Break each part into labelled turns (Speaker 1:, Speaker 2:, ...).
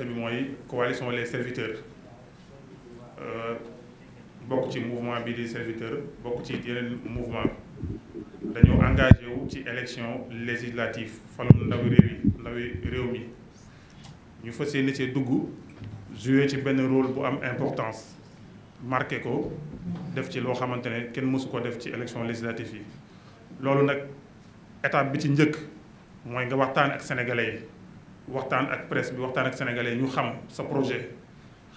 Speaker 1: coalition bi mooy coalition les serviteurs euh, bokk ci mouvement bi di serviteur bokk ci yeneen mouvement dañoo engagé wu ci élection législative falum ndawi réew yi ndawi réew mi ñu fas yéene cee dugg jouer ci benn rôle bu am importance marqué ko def ci loo xamante ne kenn mësu ko def ci élection législative yi loolu nag étape bi ci njëkk mooy nga waxtaan ak sénégalais yi waxtaan ak presse bi waxtaan ak sénégalais ñu xam sa projet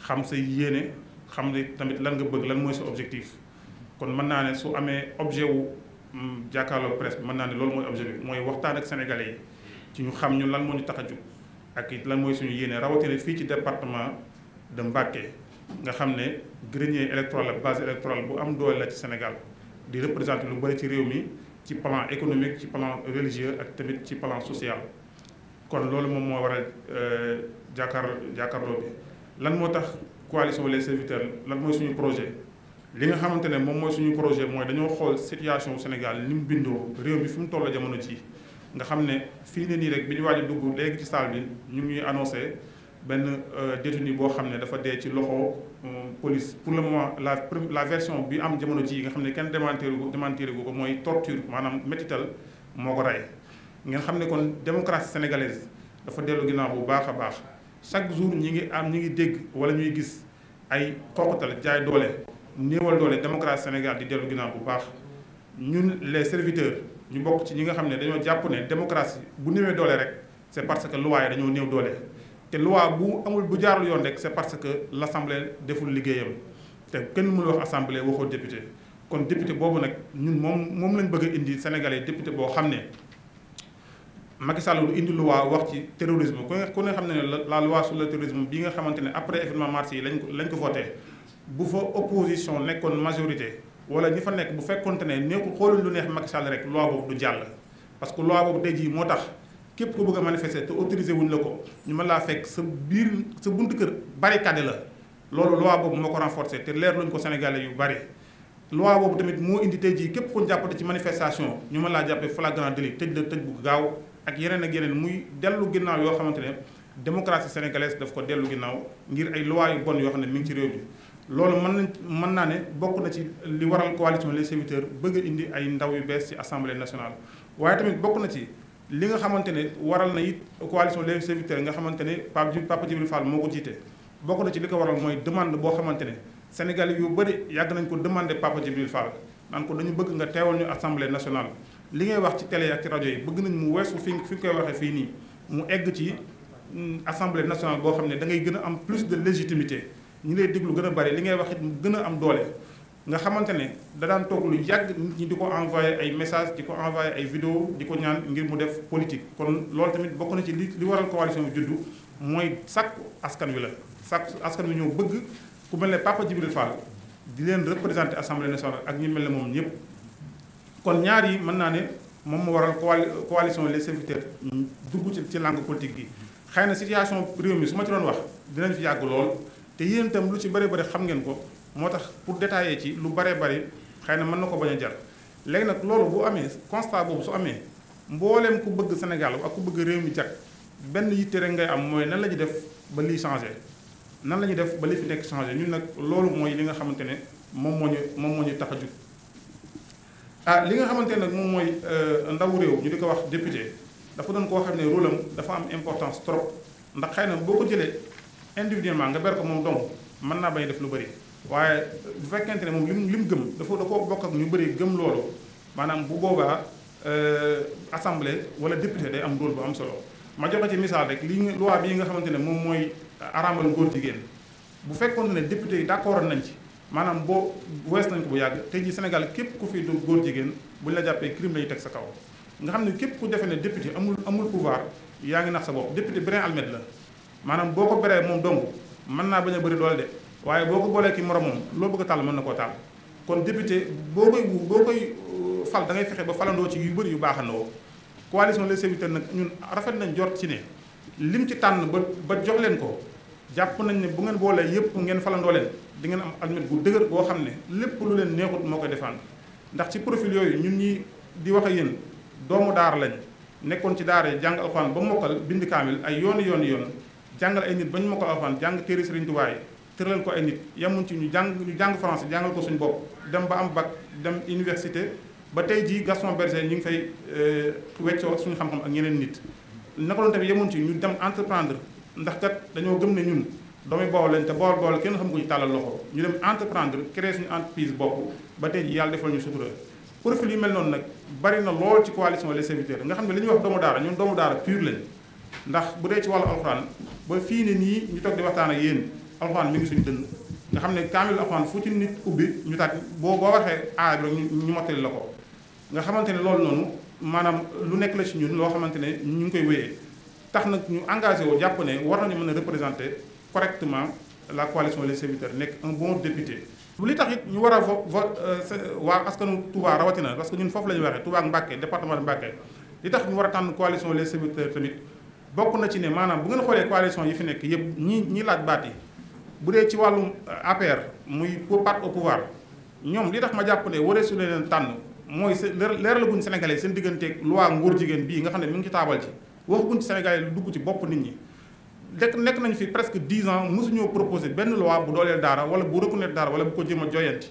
Speaker 1: xam sa yéene xam ne tamit lan nga bëgg lan mooy sa objectif kon mën naa ne su amee objet wu mm, jàkkaarloo presse bi mën naa ne loolu mooy objet bi mooy waxtaan ak sénégalais yi ci ñu xam ñu lan moo ñu tax a jóg ak it lan mooy suñu yéene rawatina fii ci département de Mbacké nga xam ne grenier électoral la base électorale bu am doole la ci Sénégal di représenter lu bëri ci réew mi ci plan économique ci plan religieux ak tamit ci plan social kon loolu moom moo war waral jàkkaar jàkkaarloo bi lan moo tax coalition les serviteurs lan mooy suñu projet li nga xamante ne moom mooy suñu projet mooy dañoo xool situation Sénégal ni mu bindoo réew mi fi mu toll jamono ci nga xam ne fii ne nii rek bi ñu waaj a dugg léegi ci salle bi ñu ngi annoncé benn détenu boo xam ne dafa dee ci loxo police pour le moment la la version bi am jamono ji nga xam ne kenn démentir ko démentir ko mooy torture maanaam métital moo ko rey ngeen xam ne kon démocratie sénégalaise dafa dellu ginnaaw bu baax a baax chaque jour ñi ngi am ñi ngi dégg wala ñuy gis ay xoqatal jaay doole néewal doole démocratie Sénégal di dellu ginnaaw bu baax ñun les serviteurs ñu bokk ci ñi nga xam ne dañoo jàpp ne démocratie bu néewee doole rek c'est parce que loi yi dañoo néew doole te loi bu amul bu jaarul yoon rek c'est parce que l'assemblée deful liggéeyam te kenn mënul wax assemblée waxoo député kon député boobu nag ñun moom moom lañ bëgg indi sénégalais député boo xam ne Macky Sall lu indi loi wax ci terrorisme ku ne xam ne ne la loi sur le terrorisme bi nga xamante ne après événement mars yi lañ ko lañ ko voté bu fa opposition nekkoon majorité wala ñi fa nekk bu fekkonte ne nee ko xoolul lu neex Macky Sall rek loi boobu du jàll. parce que loi boobu tey jii moo tax képp ko bëgg a manifester te autorisé wuñ la ko ñu ma laa fekk sa biir sa buntu kër barricade la loolu loi boobu moo ko renforcer te leer luñ ko sénégalais yu bari. loi boobu tamit moo indi jii képp ko jàppate ci manifestation ñu mën laa jàppee flagrant délit tëj la tëj bu gaaw. ak yeneen ak yeneen muy dellu ginnaaw yoo xamante ne démocratie sénégalaise daf ko dellu ginnaaw ngir ay loi bon yoo xam ne mi ngi ci réew mi. loolu mën nañ mën naa ne bokk na ci li waral coalition les serviteurs bëgg indi ay ndaw yu bees ci assemblée nationale waaye tamit bokk na ci li nga xamante ne waral na it coalition les serviteurs nga xamante ne Pape Papa Djibril Fall moo ko jiite bokk na ci li ko waral mooy demande boo xamante ne Sénégal yu bëri yàgg nañ ko demandé Papa Djibril Fall naan ko dañu bëgg nga teewal ñu assemblée nationale li ngay wax ci télé ak ci rajo yi bëgg nañ mu weesu fi fi nga koy waxee fii nii mu egg ci mm, assemblée nationale boo xam ne da ngay gën a am plus de légitimité ñu lay déglu gën a bari li ngay wax it mu gën a am doole. nga xamante ne da daan toog lu yàgg nit ñi di ko envoyé ay message di ko envoyé ay vidéo di ko ñaan ngir mu def politique kon loolu tamit bokk na ci li li waral coalition bi juddu mooy sàkk askan wi la sàkk askan wi ñoo bëgg ku mel ne Papa Djibril Fall di leen représenté assemblée nationale ak ñi mel ne moom ñëpp kon ñaar yi mën naa ne moom moo waral coalition les serviteurs dugg ci ci langue politique bi xëy na situation réew mi su ma ci doon wax dinañ fi yàgg lool te yéen itam lu ci bëri bëri xam ngeen ko moo tax pour détailler ci lu bëree bari xëy na mën na ko bañ a jar léegi nag loolu bu amee constat boobu su amee mbooleen ku bëgg Sénégal ak ku bëgg réew mi jag benn yitte rek ngay am mooy nan la ñuy def ba lii changé nan la ñuy def ba li fi nekk changé ñun nag loolu mooy li nga xamante ne moom moo ñu moom moo tax a jug ah li nga xamante nag moom mooy euh, ndawu réew ñu di ko wax député dafa doon koo xam ne rôle am dafa am importance trop ndax xëy na boo ko jëlee individuellement nga ber ko moom dong mën naa bañ def lu bëri waaye bu fekkente ne moom lim lim gëm dafa da koo bokk ak ñu bëri gëm loolu maanaam bu boobaa euh, assemblée wala député day am rôle am solo ma joxe ci misaal rek li loi bii nga xamante ne moom mooy araamal góor jigéen bu fekkoon ne député yi d'accord nañ ci. maanaam boo wees nañ ko bu yàgg tey jii Sénégal képp ku fi dóor góor jigéen bu ñu la jàppee crime lay teg sa kaw nga xam ne képp ku defee ne député amul amul pouvoir yaa ngi nax sa bopp député brin almet la maanaam boo ko beree moom dong mën naa bañ a bëri doole de waaye boo ko boolee ki moromam loo bëgg a tàll mën na koo tàll kon député boo koy boo koy euh, fal da ngay fexe ba falandoo ci yu bëri yu baaxandoo coalition les serviteurs nag ñun rafet nañ jot ci ne lim ci tànn ba ba jox leen ko jàpp nañ ne bu ngeen boolee yëpp ngeen falandoo leen di ngeen am almet bu dëgër boo xam ne lépp lu leen neexut moo koy defaan ndax ci profil yooyu ñun ñi di wax ak yéen doomu daara lañ nekkoon ci daara jàng alxuraan ba mokkal bind kaamil ay yooni yooni yoon jàngal ay nit ba ñu mokkal alxuraan jàng téere Sëriñ Tuubaa yi leen ko ay nit yamuñ ci ñu jàng ñu jàng français jàngal ko suñu bopp dem ba am bac dem université ba tey jii Gaston Berger ñu ngi fay euh, weccoo suñu xam-xam ak ñeneen nit naka loon tamit yamuñ ci ñu dem entreprendre ndax kat dañoo gëm ne ñun doomi Bawol lañ te Bawol Bawol kenn xam ko ñu tàllal loxo ñu dem entreprendre créer suñu entreprise bopp ba tey yàlla defal ñu sutura profil yu mel noonu nag bari na lool ci coalition les serviteurs nga xam ne li ñuy wax doomu daara ñun doomu daara pur lañ ndax bu dee ci wàllu alxuraan ba fii ne nii ñu toog di waxtaan ak yéen alxuraan mi ngi suñu dënn nga xam ne kaamil alxuraan fu ci nit ubbi ñu taat boo boo waxee aaya ñu mottali la ko nga xamante ne loolu noonu maanaam lu nekk la ci ñun loo xamante ne ñu ngi koy wéyee tax nag ñu engagé wu jàpp ne war nañu mën a représenter correctement la coalition les serviteurs nekk un bon député. li tax it ñu war a vo vo euh, waa askanu Touba rawatina parce que ñun foofu la ñu waxee Touba ak Mbacké département de Mbacké li tax ñu war a tànn coalition les serviteurs tamit bokk na ci ne maanaam bu ngeen xoolee coalition yi fi nekk yëpp ñi ñi laaj baat yi bu dee ci wàllum euh, APR muy pour part au pouvoir ñoom li tax ma jàpp ne waree su leen tànn mooy leeralaguñ Sénégalais seen digganteeg loi nguur jigéen bii nga xam ne mi ngi ci taabal ci waxuñ Sénégal yi ci bopp nit ñi nekk nekk nañu fi presque dix ans mosuñoo proposé benn loi bu dooleel daara wala bu reconnaître daara wala bu ko jéem a joyanti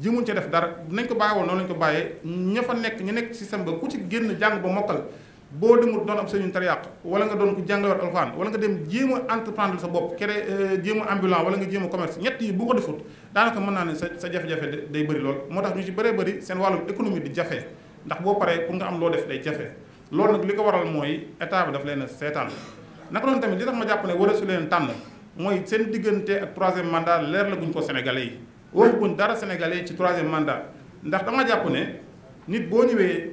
Speaker 1: jéemuñ ca def dara nañ ko bàyyi woon noonu lañ ko bàyyee ña fa nekk ñu nekk système ba ku ci génn jàng ba mokkal boo demul doon am sëriñ tara yàq wala nga doon ku jàngalewaat alxuraan wala nga dem jéema a sa bopp kere euh, jéem a ambulant wala nga jéem a commerce ñett yi bu ko defut daanaka mën naa ne sa sa jafe-jafe day bëri lool moo tax ñu ci baree bëri seen wàllum économie di jafe ndax boo paree pour nga am loo def day jafe loolu nag li ko waral mooy état bi daf leen a seetaan naka noonu tamit li tax ma jàpp ne war a su leen tànn mooy seen diggante ak troisième mandat leer la guñ ko sénégalais yi wax guñ dara sénégalais yi ci troisième mandat ndax dama jàpp ne nit boo ñëwee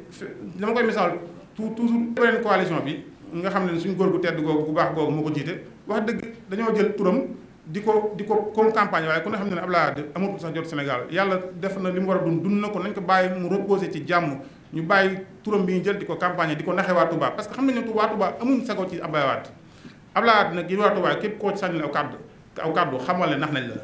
Speaker 1: dama koy misaal tout toujours beneen coalition bi nga xam ne suñu góor gu tedd googu gu baax googu moo ko jiite wax dëgg dañoo jël turam di ko di ko comme campagne waaye ku ne xam ne ne laa Wade amatul sax jot Sénégal yàlla def na li mu war a dund dund na ko nañ ko bàyyi mu reposé ci jàmm ñu bàyyi turam bi ñu jël di ko campagne di ko naxee waa Touba parce que xam nañ ne Touba Touba amuñ sago ci Abdoulaye Wade Abdoulaye Wade nag yéen waa Touba képp koo ci sànni aw kàddu aw kàddu xamal ne nax nañ la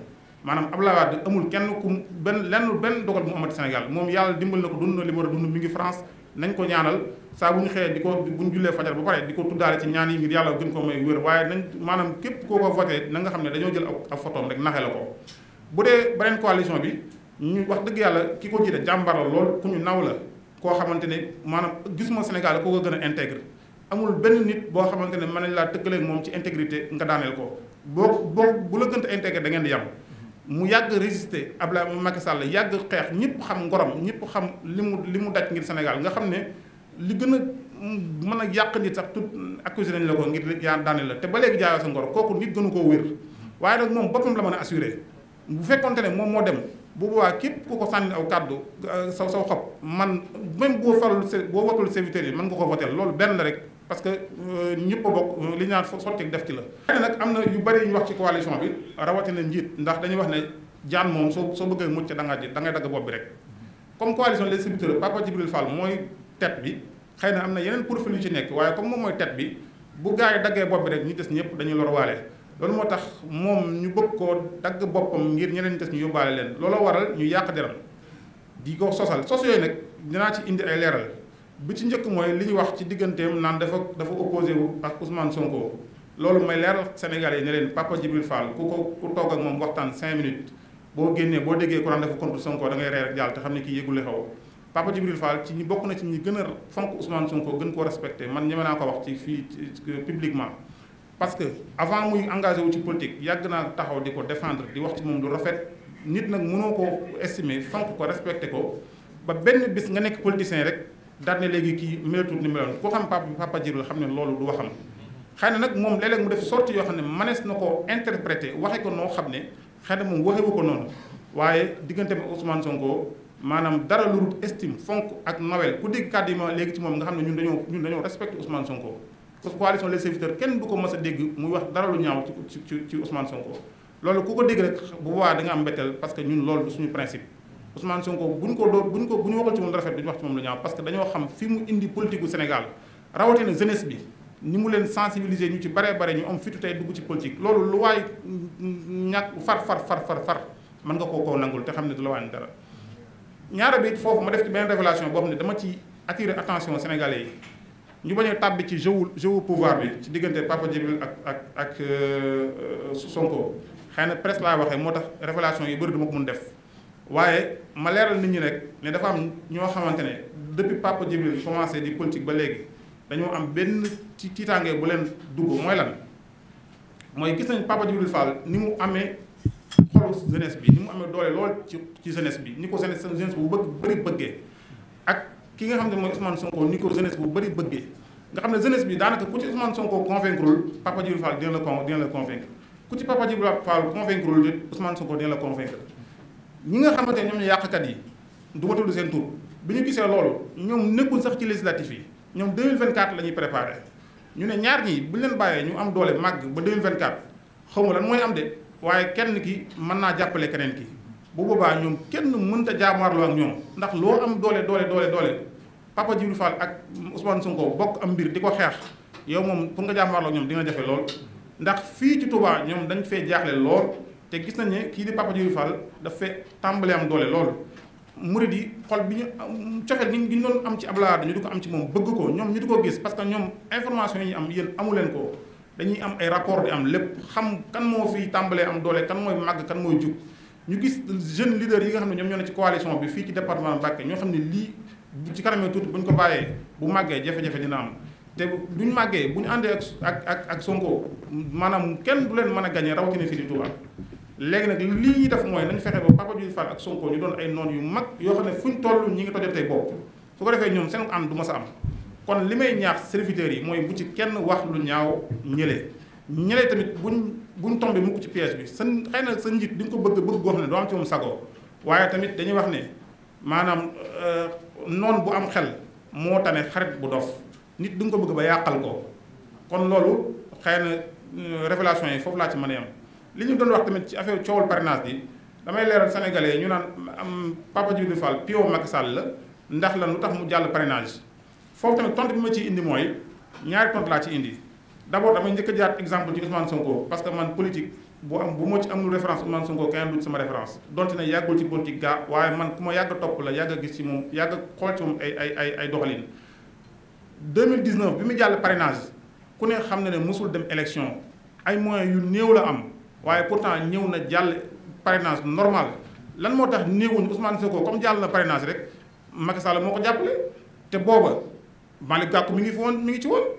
Speaker 1: maanaam Abdoulaye Wade amul kenn ku benn lenn benn dogal bu mu amati Sénégal moom yàlla dimbal na ko dund na li mu war a dund mi ngi France nañ ko ñaanal saa bu ñu xëyee di ko bu ñu jullee fajar ba pare di ko tuddaale ci ñaan yi ngir yàlla gën ko may wér waaye nañ maanaam képp koo ko voté na nga xam ne dañoo jël ak photom rek naxee la ko bu dee beneen coalition bi ñu wax dëgg yàlla ki ko jiite jàmbaral lool ku ñu naw la koo xamante ne maanaam gisuma Sénégal koo ko gën a intègre amul benn nit boo xamante ne mën nañ laa tëkkaleeg moom ci integrité nga daaneel ko boo boo bu la gën a intégré da ngeen di yam mu yàgg résister Abdoulaye Macky Sall yàgg xeex ñëpp xam ngorom ñëpp xam li mu li mu daj ngir Sénégal nga xam ne li gën a mën a yàq nit sax tout accusé nañ la ko ngir yaa daaneel la te ba léegi jaayoo sa ngoro kooku nit gënu koo wér waaye nag moom boppam la mën a assuré bu fekkonte ne moom moo dem bu boobaa képp ku ko sànni aw kàddu euh, saw saw xob man même boo farul boo watul serviteur yi mën nga ko votel loolu benn la rek parce que euh, ñëpp a bokk euh, li ñaan sotti def ci la. na nag am na yu bari yu ñu wax ci coalition bi rawatina njiit ndax dañuy wax ne jaan moom soo soo bëggee mucc da dagg bopp bi rek comme coalition les serviteurs Papa Djibril Fall mooy tête bi xëy na am na yeneen profil yu ci nekk waaye comme moom mooy tête bi bu gars yi daggee bopp bi rek ñu des ñëpp dañuy lor waale. loolu moo tax moom ñu bëgg koo dagg boppam ngir ñeneen des ñu yóbbaale leen looloo waral ñu yàq deram di ko sosal sos yooyu nag dinaa ci indi ay leeral bi ci njëkk mooy li ñu wax ci digganteem naan dafa dafa opposé wu ak Ousmane Sonko loolu may leeral Sénégalais yi ne leen Papa Djibril Fall ku ko ku toog ak moom waxtaan 5 minutes boo génnee boo déggee ku naan dafa contre Sonko da ngay reer ak jàll te xam ne kii yëgule xaw Papa Djibril Fall ci ñi bokk na ci ñi gën a fonk Ousmane Sonko gën koo respecté man ñeme naa ko wax ci fii publiquement parce que avant muy engagé wu ci politique yàgg naa taxaw di ko défendre di wax ci moom lu rafet nit nag mënoo ko estimer fonk ko respecté ko ba benn bis nga nekk politicien rek daal ne kii melatul ni meloon koo xam papa papa Djibril xam ne loolu du waxam. xëy na nag moom léeg mu def sorti yoo xam ne mënees na ko interprété waxe ko noo xam ne xëy na moom waxewu ko noonu waaye diggante ma Ousmane Sonko maanaam dara lu rut estime fonk ak nawel ku dégg kàddu léegi ci moom nga xam ne ñun dañoo ñun dañoo respecté Ousmane Sonko. parce que coalition les serviteurs kenn du ko mës a dégg muy wax dara lu ñaaw ci ci ci Ousmane Sonko loolu ku ko dégg rek bu boobaa da nga am mbetteel parce que ñun loolu suñu principe Ousmane Sonko buñ ko doo buñ ko bu ñu waxal ci moom rafet duñu wax ci moom lu ñaaw parce que dañoo xam fi mu indi politique gu Sénégal rawatina jeunesse bi ni mu leen sensibiliser ñu ci bare bare ñu am fitu tey dugg ci politique loolu lu waay ñàkk far far far far far mën nga koo koo nangul te xam ne du la wàññi dara ñaara bi foofu ma def ci benn révélation boo ne dama ci attirer attention sénégalais ñu bañ a tàbbi ci jeu jeu pouvoir bi ci diggante Papa Djibril ak ak ak euh, euh, Sonko xëy na presse laa waxee moo tax révélation yi bëri duma ko mun def waaye ma leeral nit ñi rek ne dafa am ñoo xamante ne depuis Papa Djibril commencé di politique ba léegi dañoo am benn ci tiitaange bu leen dugg mooy lan mooy gis nañ Papa Djibril Fall ni mu amee xolu jeunesse bi ni mu amee doole lool ci ci jeunesse bi ni ko jeunesse jeunesse bu bëgg bëri bëggee ak. ki nga xam ne mooy Ousmane Sonko ni ko jeunesse bu bëri bëggee nga xam ne jeunesse bi daanaka ku ci Ousmane Sonko convaincre Papa Djibril Fall dina la con dina la convaincre ku ci Papa Djibril Fall convaincre it Ousmane Sonko dina la convaincre ñi nga xamante ne ñoom yàqkat yi du ma seen tur bi ñu gisee loolu ñoom nekkul sax ci législatif yi ñoom 2024 la ñuy préparé ñu ne ñaar ñii bu leen bàyyee ñu am doole màgg ba 2024 xaw ma lan mooy am de waaye kenn ki mën naa jàppale keneen ki bu boobaa ñoom kenn mënta jaamaarloo ak ñoom ndax loo am doole doole doole doole Papa Djibril Fall ak Ousmane Sonko bokk am mbir di ko xeex yow moom pour nga jaamaarloo ak ñoom dina jafe lool. ndax fii ci Touba ñoom dañ fee jaaxle lool te gis nañ ne kii di Papa Djibril Fall daf fee tàmbalee am doole lool. murid yi xol bi ñu cofeel ni ñu doon am ci Abdoulaye dañu di ko am ci moom bëgg ko ñoom ñu di ko gis parce que ñoom information yi am yéen amu leen ko dañuy am ay rapport di am lépp xam kan moo fi tàmbalee am doole kan mooy màgg kan mooy jug. ñu gis jeune leader yi nga xam ne ñoom ñoo ne ci coalition bi fii ci département Mbacké ñoo xam ne lii ci kanamee tuuti bu ñu ko bàyyee bu màggee jafe-jafe na am te bu ñu màggee bu ñu àndee ak ak ak Sonko maanaam kenn du leen mën a gañee rawatina fii di Touba léegi nag lii ñuy def mooy nañ fexe ba Papa Diouf Fall ak Sonko ñu doon ay noon yu mag yoo xam ne fu ñu toll ñi ngi tojatee bopp su ko defee ñoom seen am du ma sa am kon li may ñaax serviteurs yi mooy bu ci kenn wax lu ñaaw ñëlee ñëlee tamit buñ buñ tombé mukk ci piège bi sa xëy na sa njiit di ko bëgg bëgg goo xam ne doo am ci moom sagoo waaye tamit dañuy wax ne maanaam euh, noon bu am xel moo tane xarit bu dof nit di ko bëgg ba yàqal ko kon loolu xëy na euh, révélation yi foofu laa ci mën a yem li ñu doon wax tamit ci affaire coowal parrainage bi damay leeral sénégalais ñu naan am Papa Djibril Fall pio Macky Sall la ndax la lu tax mu jàll parrainage foofu tamit tontu bi ma ciy indi mooy ñaari tontu ci indi d' abord damay njëkk jaar exemple ci Ousmane Sonko parce que man politique bu am bu ma ci amul référence Ousmane Sonko kenn du sama référence donte ne yàggul ci politique gaa waaye man ku ma yàgg a topp la yàgg gis ci moom yàgg a xool ci moom ay ay ay ay dix 2019 bi mu jàll parrainage ku ne xam ne ne mosul dem élection ay moyens yu néew la am waaye pourtant ñëw na jàll parrainage normal lan moo tax néewuñ Ousmane Sonko comme jàll na parrainage rek Macky Sall moo ko jàppale te booba Malick Gakou mi ngi fi woon mi ngi ci woon.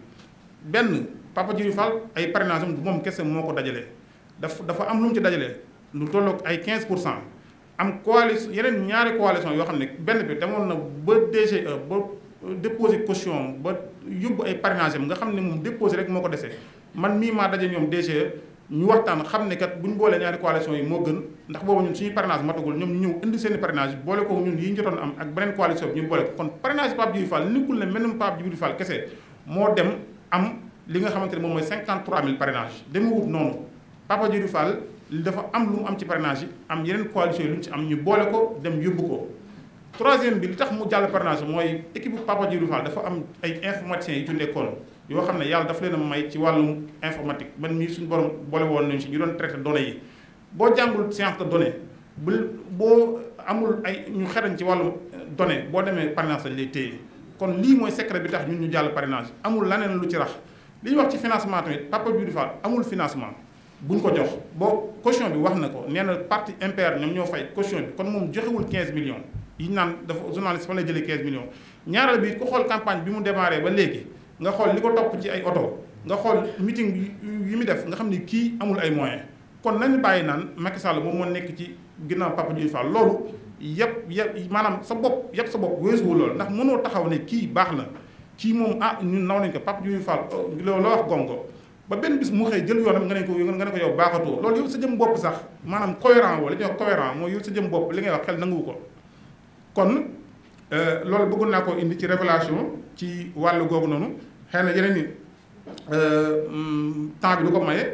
Speaker 1: benn Papa Djibril Fall ay parrainage moom kese moo ko dajale daf dafa am lu mu ci dajale lu tolloog ay 15 pour cent am coalition yeneen ñaari coalition yoo xam ne benn bi demoon na ba DGE ba déposé caution ba yóbbu ay parrainage am nga xam ne moom déposé rek moo ko desee man mii maa daje ñoom DGE ñu waxtaan xam ne kat bu ñu boolee ñaari coalition yi moo gën ndax boobu ñun suñu parrainage matagul ñoom ñu ñëw indi seen parrainage boole ko ñun yi jotoon am ak beneen coalition bi kese moo dem am li nga xamante ne moom mooy mille 53000 parrainage demewut noonu Papa Diouf Fall dafa am lu mu am ci parrainage yi am yeneen coalition lu mu ci am ñu boole ko dem yóbbu ko. troisième bi li tax mu jàll parrainage mooy équipe bu Papa Diouf dafa am ay informaticiens yi ci nekkoon yoo xam ne yàlla dafa leen a may ci wàllum informatique man mii suñu borom boole woon nañu si ñu doon traité données yi boo jàngul science de données bu boo amul ay ñu xerañ ci wàllum euh, données boo demee parrainage lañ lay téye. kon lii mooy secret bi tax ñu ñu jàll parrainage amul laneen lu ci rax li ñu wax ci financement tamit Papa Diouf Fall amul financement buñ ko jox boo caution bi wax na ko nee na parti MPR ñoom ñoo fay caution bi kon moom joxewul 15 millions yi ñu naan dafa journaliste fa la jële 15 millions ñaareel bi ku xool campagne bi mu démarré ba léegi nga xool li ko topp ci ay oto nga xool meeting yi mu def nga xam ne kii amul ay moyen kon nañu bàyyi naan Macky Sall moom moo nekk ci ginnaaw Papa Diouf Fall loolu yëpp yëpp maanaam sa bopp yëpp sa bopp weesuwul loolu ndax mënoo taxaw ne kii baax na kii moom ah ñun naw nañ ko Papa Diouf Fall oh, loolu la wax gongo ba benn bis mu xëy jël yoonam nga ne ko nga ne ko yow baaxatoo loolu yow sa jëm bopp sax maanaam cohérent woo li ñuy wax cohérent mooy yow sa jëm li ngay wax xel nanguwu ko kon euh, loolu bëggoon naa ko indi ci révélation ci wàll googu noonu xëy na yeneen ni euh, mm, temps bi du ko maye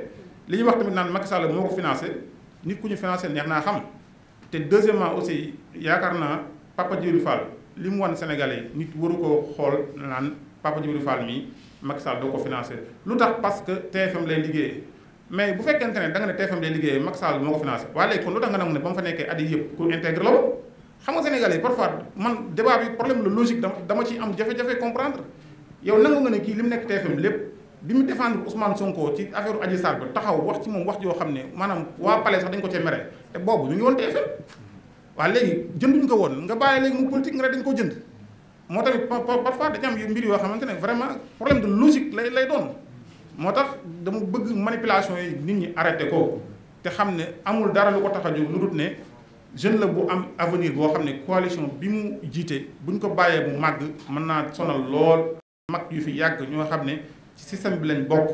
Speaker 1: li ñuy wax tamit naan Macky Sall moo ko financé nit ku ñu financé neex naa xam te deuxièmement aussi yaakaar naa Papa Djibril Fall li mu wan Sénégalais nit waru ko xool naan Papa Djibril Fall mii Macky doo ko financé lu tax parce que TFM lay liggéeyee mais bu fekkente ne da nga ne TFM lay liggéeyee Macky Sall moo ko financé waaye léegi kon lu tax nga nangu ne ba mu fa nekkee at yii ku intègre la woon xam parfois man débat bi problème la logique dama dama ciy am jafe-jafe comprendre yow nangu nga ne kii li mu nekk TFM lépp. bi mu défendre Ousmane Sonko ci affaire Adji Sarr ba taxaw wax ci moom wax joo xam ne maanaam waa palais sax dañ ko cee mere te boobu ñu ngi woon TFM waaw léegi jënduñ ko woon nga bàyyi léegi mu politique nga ne dañ ko jënd moo tamit parfois dañu am mbir yoo xamante ne vraiment problème de logique lay lay doon moo tax dama bëgg manipulation yi nit ñi arrêté ko te xam ne amul dara lu ko tax a jóg lu dut ne jeune la bu am avenir boo xam ne coalition bi mu jiite buñ ko bàyyee mu màgg mën naa sonal lool mag yu fi yàgg ñoo xam ne ci système bi lañ bokk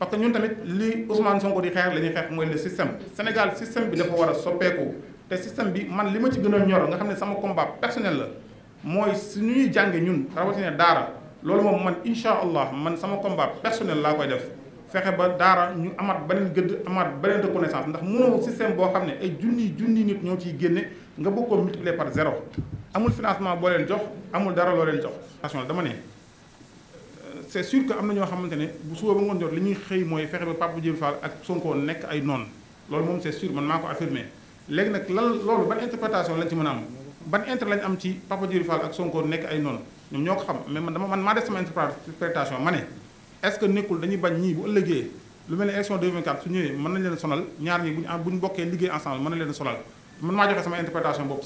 Speaker 1: parce que ñun tamit li Ousmane Sonko di xeex la ñuy xeex mooy le système Sénégal système bi dafa war a soppeeku te système bi man li ma ci gën a ñor nga xam ne sama combat personnel la mooy su ñuy jànge ñun rawatina daara loolu moom man incha allah man sama combat personnel laa koy def fexe ba daara ñu amaat beneen gëdd amaat beneen reconnaissance ndax mënoo système boo xam ne ay junni junni nit ñoo ciy génne nga bëgg ko multiplier par zéro amul financement boo leen jox amul dara loo leen jox. dama ne. c'est sûr que am na ñoo xamante ne bu suba ba ngoon jot li ñuy xëy mooy fexe ba Pape Djibril Fall ak Sonko nekk ay noon loolu moom c'est sûr man maa ko affirmé léegi nag lan loolu ban interprétation lañ ci mën a am ban intérêt ñoo ko xam mais man dama man interprétation ma ne est-ce que nekkul dañuy bañ ñii bu ëllëgee lu mel ne élection 2024 su ñëwee mën nañ leen sonal ñaar ñi buñ ah, buñ bokkee liggéey ensemble mën nañ leen sonal man maa joxe sama interprétation boobu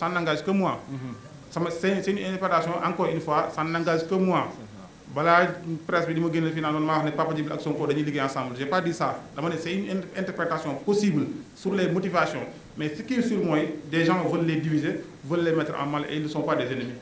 Speaker 1: balaa presse bi di ma génne fii naan man maa wax ne Papa Djibril ak Sonko dañuy liggéey ensemble j'ai pas dit ça dama ne c'est interprétation possible sur les motivations mais ce qui est sûr mooy les diviser veulent les mettre en mal et ils ne pas des ennemis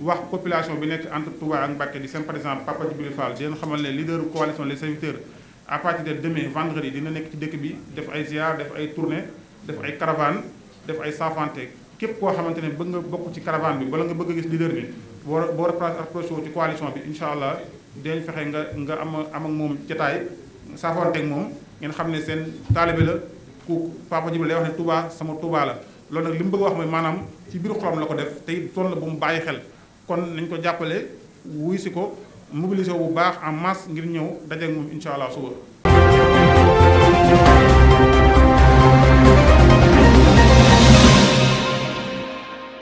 Speaker 1: wax population bi nekk entre Touba ak Mbacké di seen par exemple Papa Djibril Fall di leen xamal ne leader coalition les serviteurs à partir de demain vendredi dina nekk ci dëkk bi def ay ziar def ay tournée def ay caravane def ay safante képp koo xamante ne bëgg nga bokk ci caravane bi wala nga bëgg a gis boo boo rapproché wu ci coalition bi incha allah dinañ fexe nga nga am am ak moom jotaay saafoonteeg moom ngeen xam ne seen taalibe la ku Papa Djibril lay wax ne Touba sama Touba la. loolu nag li mu bëgg wax mooy maanaam ci biir xolam la ko def te it toll la bu mu bàyyi xel kon nañ ko jàppale wuy si ko mobiliser bu baax en masse ngir ñëw dajeeg moom incha allah suba.